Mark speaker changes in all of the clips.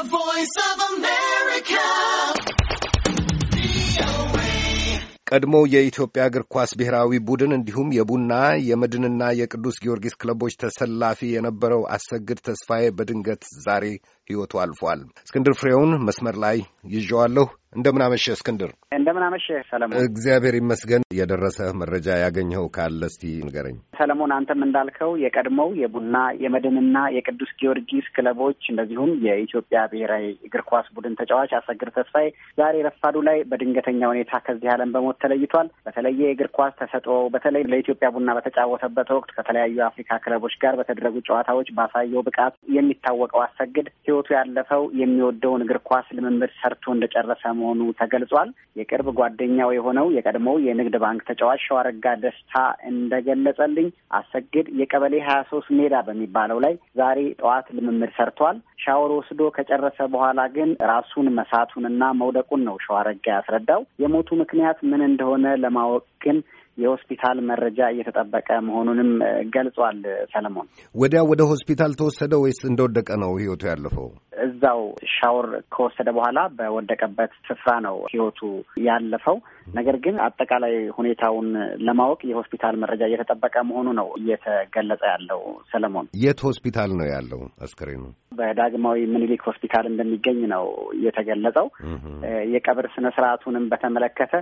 Speaker 1: The Voice of America. ቀድሞ የኢትዮጵያ እግር ኳስ ብሔራዊ ቡድን እንዲሁም የቡና የመድንና የቅዱስ ጊዮርጊስ ክለቦች ተሰላፊ የነበረው አሰግድ ተስፋዬ በድንገት ዛሬ ሕይወቱ አልፏል። እስክንድር ፍሬውን መስመር ላይ ይዤዋለሁ። እንደምናመሸ እስክንድር።
Speaker 2: እንደምናመሸ ሰለሞን።
Speaker 1: እግዚአብሔር ይመስገን። የደረሰ መረጃ ያገኘው ካለ እስቲ ንገረኝ።
Speaker 2: ሰለሞን፣ አንተም እንዳልከው የቀድሞው የቡና የመድንና የቅዱስ ጊዮርጊስ ክለቦች እንደዚሁም የኢትዮጵያ ብሔራዊ እግር ኳስ ቡድን ተጫዋች አሰግድ ተስፋዬ ዛሬ ረፋዱ ላይ በድንገተኛ ሁኔታ ከዚህ ዓለም በሞት ተለይቷል። በተለየ የእግር ኳስ ተሰጥኦ በተለይ ለኢትዮጵያ ቡና በተጫወተበት ወቅት ከተለያዩ የአፍሪካ ክለቦች ጋር በተደረጉ ጨዋታዎች ባሳየው ብቃት የሚታወቀው አሰግድ ህይወቱ ያለፈው የሚወደውን እግር ኳስ ልምምድ ሰርቶ እንደጨረሰ መሆኑ ተገልጿል። የቅርብ ጓደኛው የሆነው የቀድሞው የንግድ ባንክ ተጫዋች ሸዋረጋ ደስታ እንደገለጸልኝ አሰግድ የቀበሌ ሀያ ሶስት ሜዳ በሚባለው ላይ ዛሬ ጠዋት ልምምድ ሰርቷል። ሻወር ወስዶ ከጨረሰ በኋላ ግን ራሱን መሳቱንና መውደቁን ነው ሸዋረጋ ያስረዳው። የሞቱ ምክንያት ምን እንደሆነ ለማወቅ ግን የሆስፒታል መረጃ እየተጠበቀ መሆኑንም ገልጿል። ሰለሞን
Speaker 1: ወዲያ ወደ ሆስፒታል ተወሰደ ወይስ እንደወደቀ ነው ህይወቱ ያለፈው?
Speaker 2: እዛው ሻወር ከወሰደ በኋላ በወደቀበት ስፍራ ነው ህይወቱ ያለፈው። ነገር ግን አጠቃላይ ሁኔታውን ለማወቅ የሆስፒታል መረጃ እየተጠበቀ መሆኑ ነው እየተገለጸ ያለው። ሰለሞን
Speaker 1: የት ሆስፒታል ነው ያለው አስክሬኑ?
Speaker 2: በዳግማዊ ምኒልክ ሆስፒታል እንደሚገኝ ነው የተገለጸው። የቀብር ስነ ስርዓቱንም በተመለከተ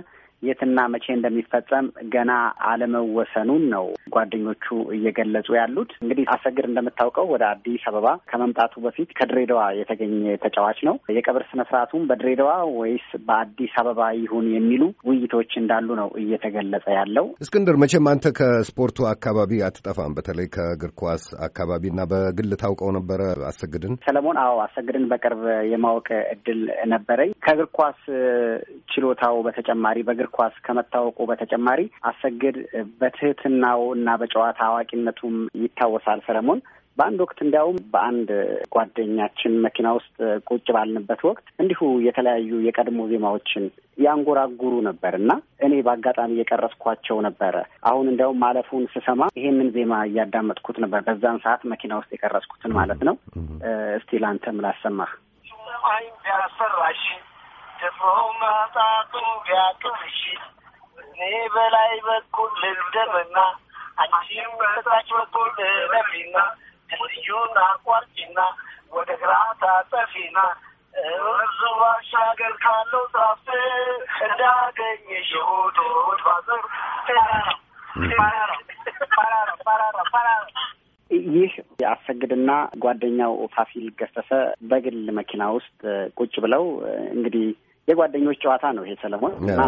Speaker 2: የትና መቼ እንደሚፈጸም ገና አለመወሰኑን ነው ጓደኞቹ እየገለጹ ያሉት። እንግዲህ አሰግድ እንደምታውቀው ወደ አዲስ አበባ ከመምጣቱ በፊት ከድሬዳዋ የተገኘ ተጫዋች ነው። የቀብር ስነ ስርዓቱም በድሬዳዋ ወይስ በአዲስ አበባ ይሁን የሚሉ ውይይቶች እንዳሉ ነው እየተገለጸ ያለው።
Speaker 1: እስክንድር፣ መቼም አንተ ከስፖርቱ አካባቢ አትጠፋም። በተለይ ከእግር ኳስ አካባቢ እና በግል ታውቀው ነበረ አሰግድን
Speaker 2: ሰለሞን? አዎ አሰግድን በቅርብ የማወቅ እድል ነበረኝ። ከእግር ኳስ ችሎታው በተጨማሪ በእግር እግር ኳስ ከመታወቁ በተጨማሪ አሰግድ በትህትናው እና በጨዋታ አዋቂነቱም ይታወሳል። ሰለሞን በአንድ ወቅት እንዲያውም በአንድ ጓደኛችን መኪና ውስጥ ቁጭ ባልንበት ወቅት እንዲሁ የተለያዩ የቀድሞ ዜማዎችን ያንጎራጉሩ ነበር እና እኔ በአጋጣሚ የቀረስኳቸው ነበረ። አሁን እንዲያውም ማለፉን ስሰማ ይሄንን ዜማ እያዳመጥኩት ነበር፣ በዛን ሰዓት መኪና ውስጥ የቀረስኩትን ማለት ነው። እስቲ ላንተም ላሰማህ አይ ያሰራሽ ድፍሮ መጣጡ ቢያቅምሽ እኔ በላይ በኩል ልልደምና አንቺም በታች በኩል ለፊና ድልድዩን አቋርጪና ወደ ግራ ታጠፊና ወንዙ ባሻገር ካለው ዛፍ እንዳገኘሽ እሑድ እሑድ ባዘር ይህ የአሰግድና ጓደኛው ፋሲል ገሰሰ በግል መኪና ውስጥ ቁጭ ብለው እንግዲህ የጓደኞች ጨዋታ ነው ይሄ ሰለሞን እና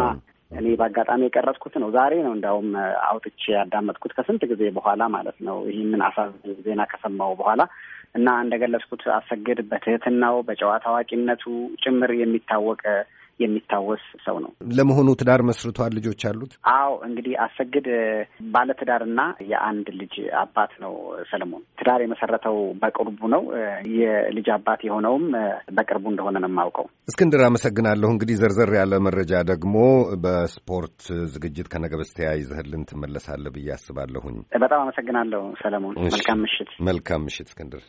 Speaker 2: እኔ በአጋጣሚ የቀረጽኩት ነው። ዛሬ ነው እንዲያውም አውጥቼ ያዳመጥኩት ከስንት ጊዜ በኋላ ማለት ነው። ይህንን አሳዛኝ ዜና ከሰማው በኋላ እና እንደገለጽኩት አሰግድ በትህትናው በጨዋታ አዋቂነቱ ጭምር የሚታወቅ የሚታወስ ሰው ነው።
Speaker 1: ለመሆኑ ትዳር መስርቷል? ልጆች አሉት?
Speaker 2: አዎ እንግዲህ አሰግድ ባለትዳርና የአንድ ልጅ አባት ነው። ሰለሞን ትዳር የመሰረተው በቅርቡ ነው። የልጅ አባት የሆነውም በቅርቡ እንደሆነ ነው የማውቀው።
Speaker 1: እስክንድር አመሰግናለሁ። እንግዲህ ዘርዘር ያለ መረጃ ደግሞ በስፖርት ዝግጅት ከነገ በስቲያ ይዘህልን ትመለሳለህ ብዬ አስባለሁኝ።
Speaker 2: በጣም አመሰግናለሁ ሰለሞን። መልካም
Speaker 1: ምሽት። መልካም ምሽት እስክንድር።